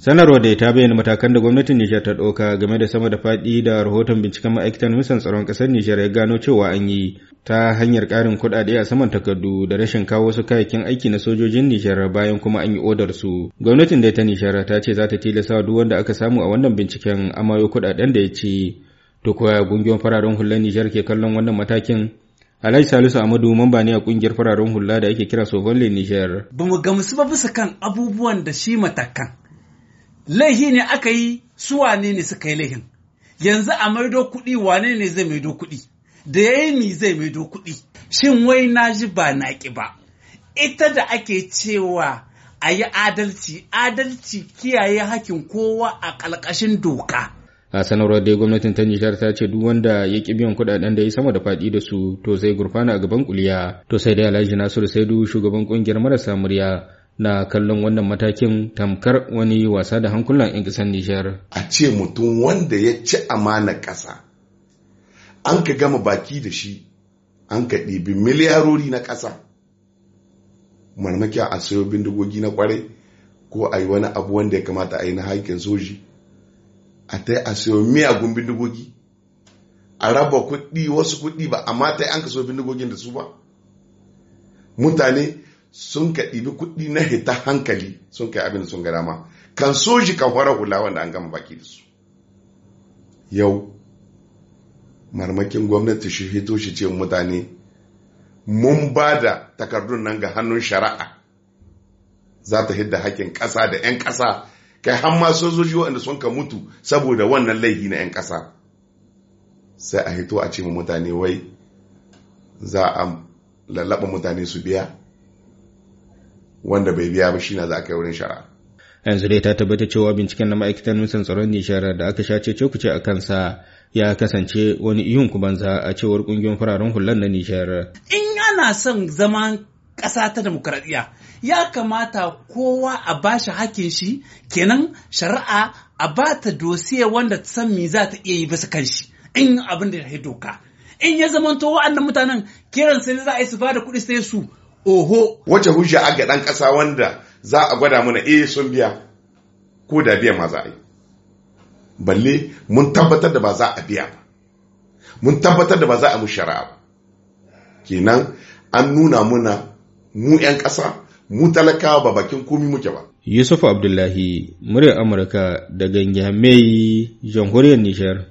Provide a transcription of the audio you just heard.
sanarwar da ta bayyana matakan da gwamnatin Nijar ta ɗauka game da sama da faɗi da rahoton binciken ma'aikatan misan tsaron ƙasar Nijar ya gano cewa an yi ta hanyar ƙarin kuɗaɗe a saman takardu da rashin kawo wasu kayayyakin aiki na sojojin Nijar bayan kuma an yi odar su. Gwamnatin da ta Nijar ta ce za ta tilasta duk wanda aka samu a wannan binciken amayo kuɗaɗen da ya ci. To kuwa gungiyon fararen hular Nijar ke kallon wannan matakin Alhaji Salisu Amadu mamba ne a kungiyar fararen hula da ake kira le Nijar. Ba mu gamsu ba bisa kan abubuwan da shi matakan laihi ne aka yi su wane ne suka yi laihin yanzu a maido kuɗi wane ne zai maido kuɗi da ya yi zai maido kuɗi shin wai na ji ba na ƙi ba ita da ake cewa a yi adalci adalci kiyaye hakin kowa a ƙalƙashin doka a sanarwar dai gwamnatin ta nijar ta ce duk wanda ya ƙi biyan kuɗaɗen da ya sama da faɗi da su to sai gurfana a gaban kuliya to sai dai alhaji nasiru saidu shugaban ƙungiyar marasa murya na kallon wannan matakin tamkar wani wasa da hankulan 'yan ƙasar A ce mutum wanda ya ci amana ƙasa, an ka gama baki da shi, an ka ɗibi miliyarori na ƙasa. Marmaki a sayo bindigogi na kwarai ko a yi wani abu wanda ya kamata a yi na haƙƙin soji, a ta a sayo miyagun bindigogi, a raba kuɗi wasu kuɗi ba, amma ta yi an ka so bindigogin da su ba. Mutane sun ka ɗibi kuɗi na hita hankali sun kai abin da sun ga dama kan soji kan fara hula wanda an gama baki da su yau marmakin gwamnati shi hito shi ce mutane mun ba da takardun nan ga hannun shari'a za ta hidda haƙƙin ƙasa da 'yan ƙasa kai har ma sojoji waɗanda sun ka mutu saboda wannan laifi na 'yan ƙasa sai a hito a ce mutane wai za a lallaɓa mutane su biya wanda bai biya ba shine za ka yi wurin shara. yanzu dai ta tabbata cewa binciken na ma'aikatan nisan tsaron nishara da aka shace cokuce a kansa ya kasance wani iyun kubanza a cewar kungiyoyin fararen hular na nishar in yana son zaman ƙasa ta demokradiyya ya kamata kowa a ba shi hakin shi kenan shari'a a ba ta dosiye wanda ta san me za ta iya yi bisa kan shi in abin da ya doka in ya zamanto wa'annan mutanen kiran sai za a yi su ba da kuɗi sai su oho wace hujja a gaɗan ƙasa wanda za a gwada mana eh sun biya ko da biya ma za a yi balle mun tabbatar da ba za a biya ba mun tabbatar da ba za a mu shari'a ba kenan an nuna muna mu 'yan ƙasa mu talakawa ba bakin komi muke ba yusuf abdullahi muryar amurka daga mai jamhuriyar nishar